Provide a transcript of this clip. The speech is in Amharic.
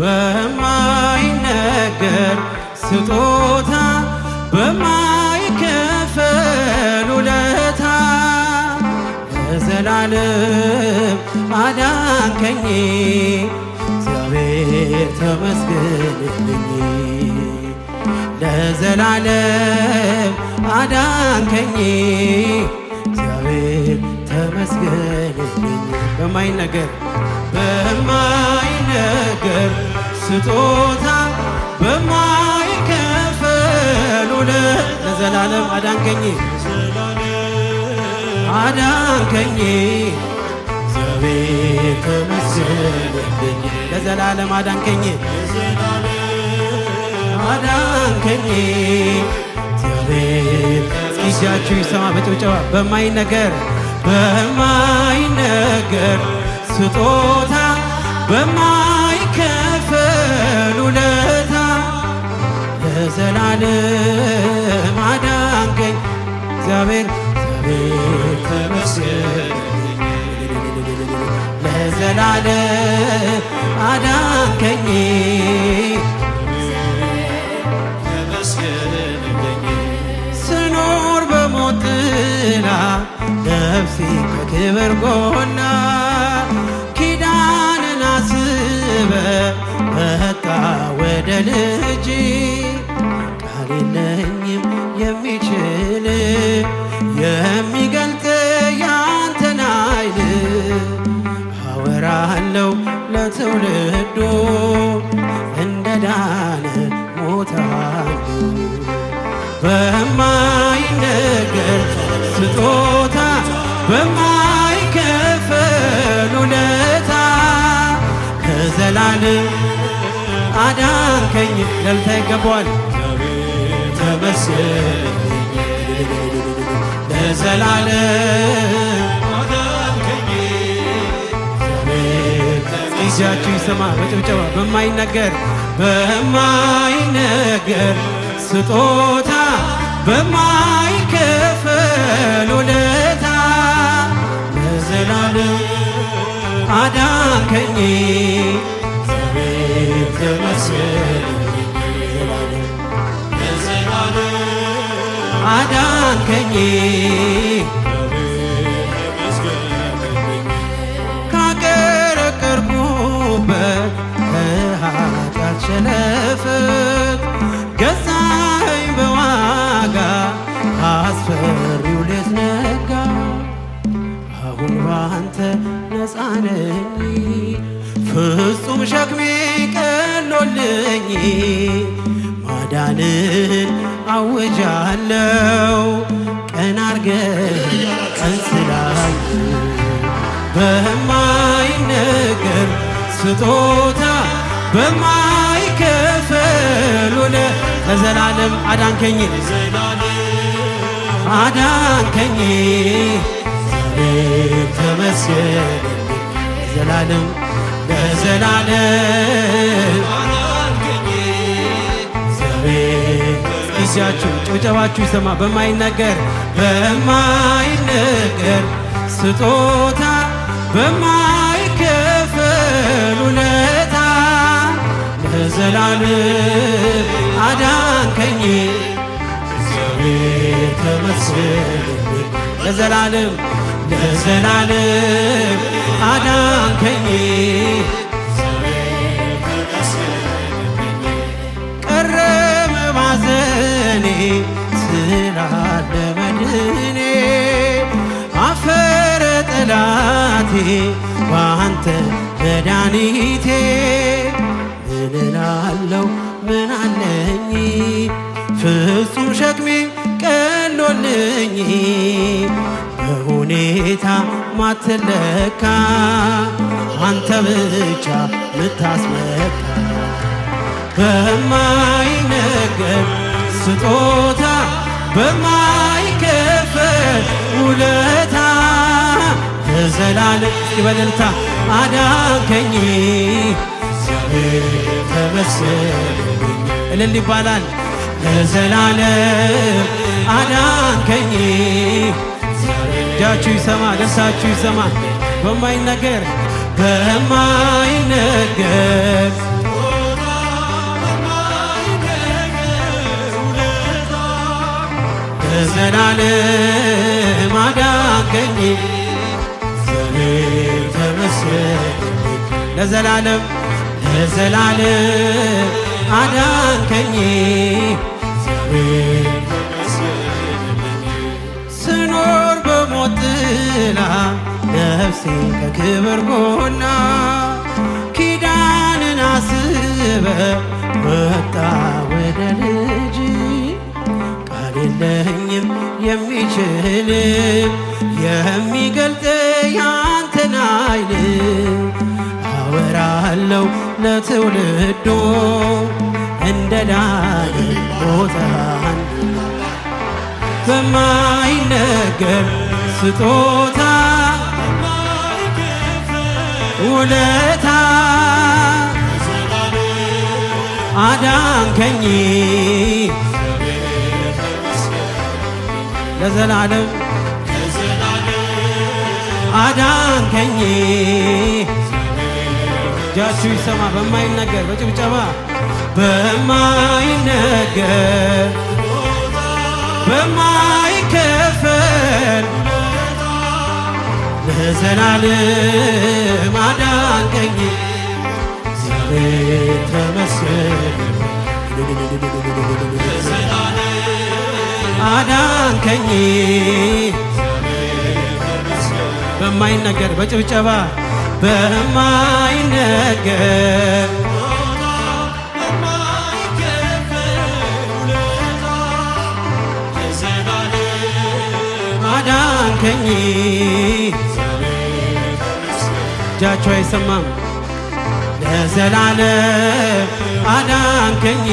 በማይነገር ስጦታ በማይከፈል ውለታ ለዘላለም አዳንከኝ እግዚአብሔር ተመስገንልኝ ለዘላለም አዳንከኝ እግዚአብሔር ተመስገንልኝ በማይነገር በማ ነገር ስጦታ በማይከፈል ውለት ለዘላለም አዳንከኝ አዳንከኝ ለዘላለም አዳንከኝ አዳንከኝ እግዚአብሔር ይሰማ በጭብጨባ በማይ ነገር በማይ ነገር ስጦታ በማይከፈል ውለታ ለዘላለም አዳንከኝ እግዚአብሔር ተመስገን ለዘላለም አዳንከኝ ስኖር በሞት ጥላ ነፍሴ ከክብር ጎና ልጅ እጅ ቃል የሚችል የሚገልጥ ያንተን ኃይል አወራለሁ ለትውልዶ እንደዳነ ሞታሉ በማይነገር ስጦታ በማይከፈል ውለታ ለዘላለም ላከኝ ደልታ ይገባዋል ተመስገን ለዘላለም ጊዜያችሁ ይሰማ በጭብጨባ በማይነገር በማይነገር ስጦታ በማይከፈል ውለታ ለዘላለም አዳንከኝ ተመስገን አዳንከኝ ካቀረቀርኩበት ከኃጢአት ሸነፈር ገዛኸኝ በዋጋ አስፈሪው ሌት ነጋ አሁን ባንተ ነፃ ነኝ ፍጹም ሸክሜ ቀሎልኝ ማዳን አውጃለው ቀን አርገ ቀን ስላየ በማይነገር ስጦታ በማይከፈል ውለህ ለዘላለም አዳንከኝ አዳንከኝ ተመስገን ለዘላለም ለዘላለም ጊዜያችሁ ጭብጨባችሁ ይሰማ። በማይነገር በማይነገር ስጦታ በማይከፈል ውለታ ለዘላለም አዳንከኝ እግዚአብሔር ተመስገን ለዘላለም ለዘላለም አዳንከኝ ለኔ ስላለ መድኔ አፈረ ጠላቴ በአንተ መድኃኒቴ ምን ምን አለኝ ፍጹም ሸክሜ ቀሎልኝ በሁኔታ ማትለካ አንተ ብቻ ምታስመካ በማይነገር ስጦታ በማይከፈል ውለታ ለዘላለም በልልታ አዳንከኝ ተመስል እልል ይባላል ለዘላለም አዳንከኝ እጃችሁ ይሰማ ደሳችሁ ይሰማ በማይነገር በማይነገር ለዘላለም አዳንከኝ እግዚአብሔር ተመስገን ለዘላለም ለዘላለም አዳንከኝ ስኖር በሞት ጥላ ነፍሴ ከክብር ጎና ኪዳንን አስበ የሚችል የሚገልጥ ያንተን አይን አወራለው ለትውልዶ እንደ ዳን ቦታን በማይነገር ስጦታ ውለታ አዳንከኝ ለዘላለም አዳንከኝ። እጃችሁ ይሰማ በማይነገር በጭብጨባ በማይነገር በማይከፈል ለዘላለም አዳንከኝ። ዛሬ ተመስገን አዳንከኝ በማይነገር በጭብጨባ በማይነገር አዳንከኝ እጃቸው አይሰማም ለዘላለም አዳንከኝ